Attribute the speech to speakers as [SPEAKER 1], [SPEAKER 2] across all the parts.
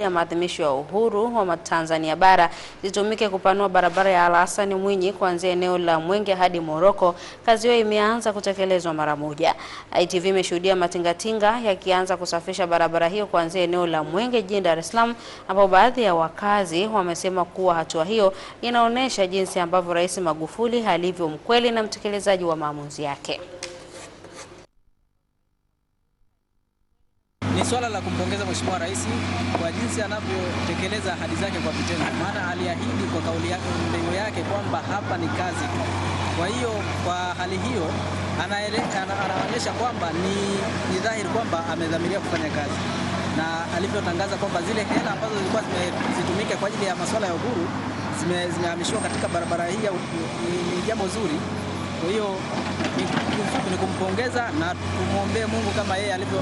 [SPEAKER 1] ya maadhimisho ya uhuru wa Tanzania bara zitumike kupanua barabara ya Ali Hassan Mwinyi kuanzia eneo la Mwenge hadi Moroko. Kazi hiyo imeanza kutekelezwa mara moja. ITV imeshuhudia matingatinga yakianza kusafisha barabara hiyo kuanzia eneo la Mwenge jijini Dar es Salaam, ambapo baadhi ya wakazi wamesema kuwa hatua hiyo inaonyesha jinsi ambavyo Rais Magufuli alivyo mkweli na mtekelezaji wa maamuzi yake.
[SPEAKER 2] Swala la kumpongeza Mheshimiwa Rais kwa jinsi anavyotekeleza ahadi zake kwa vitendo, maana aliahidi kwa kauli yake ndengo yake kwamba hapa ni kazi. Kwa hiyo kwa hali hiyo anaonyesha kwamba ni, ni dhahiri kwamba amedhamiria kufanya kazi na alivyotangaza kwamba zile hela ambazo zilikuwa zitumike kwa ajili ya masuala ya uhuru zimehamishiwa katika barabara hii, ni jambo zuri kwa hiyo ni kumpongeza na tumwombee Mungu kama yeye alivyo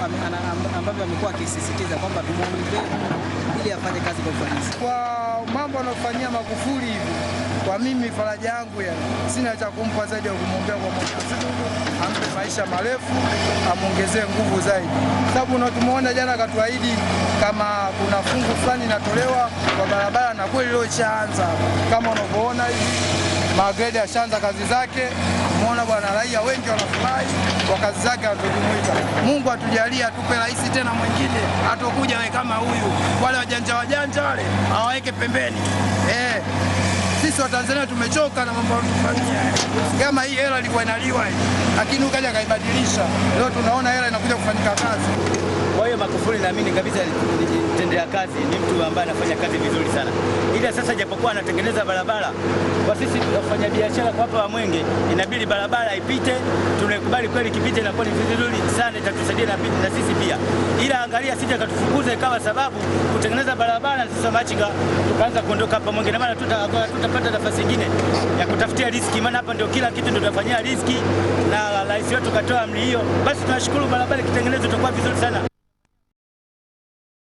[SPEAKER 2] ambavyo amekuwa akisisitiza kwamba tumwombee Mungu ili afanye kazi kwa ufanisi.
[SPEAKER 3] Kwa mambo anayofanyia Magufuli hivi, kwa mimi faraja yangu ya sina cha kumpa zaidi ya kumwombea kwa Mwenyezi Mungu ampe maisha marefu, amwongezee nguvu zaidi, sababu na jana katuahidi kama kuna fungu fulani inatolewa kwa barabara, na kweli leo chaanza kama unavyoona hivi, magredi ashaanza kazi zake. Umeona bwana, raia wengi wanafurahi kwa kazi zake alizojumuika. Mungu atujalie atupe rais tena mwingine atokuja we kama huyu. Wale wajanja wajanja wale awaweke pembeni eh. Sisi wa Tanzania tumechoka na mambo kama hii. Hela ilikuwa inaliwa lakini ukaja kaibadilisha, leo tunaona hela inakuja kufanyika kazi.
[SPEAKER 4] Kwa hiyo Magufuli naamini kabisa alitendea kazi, ni mtu ambaye anafanya kazi vizuri sana, ila sasa japokuwa anatengeneza barabara kwa sisi biashara kwa hapa Wamwenge inabidi barabara ipite, tunakubali kweli kipite, na ni vizuri sana, itatusaidia na, na sisi pia, ila angalia sisi katufukuza ikawa sababu kutengeneza barabara sisi machinga tukaanza kuondoka hapa Mwenge, na maana tutapata nafasi nyingine ya kutafutia riziki, maana hapa ndio kila kitu ndio tunafanyia riziki, na rais wetu katoa amri hiyo. Basi tunashukuru, barabara kitengenezo itakuwa vizuri sana.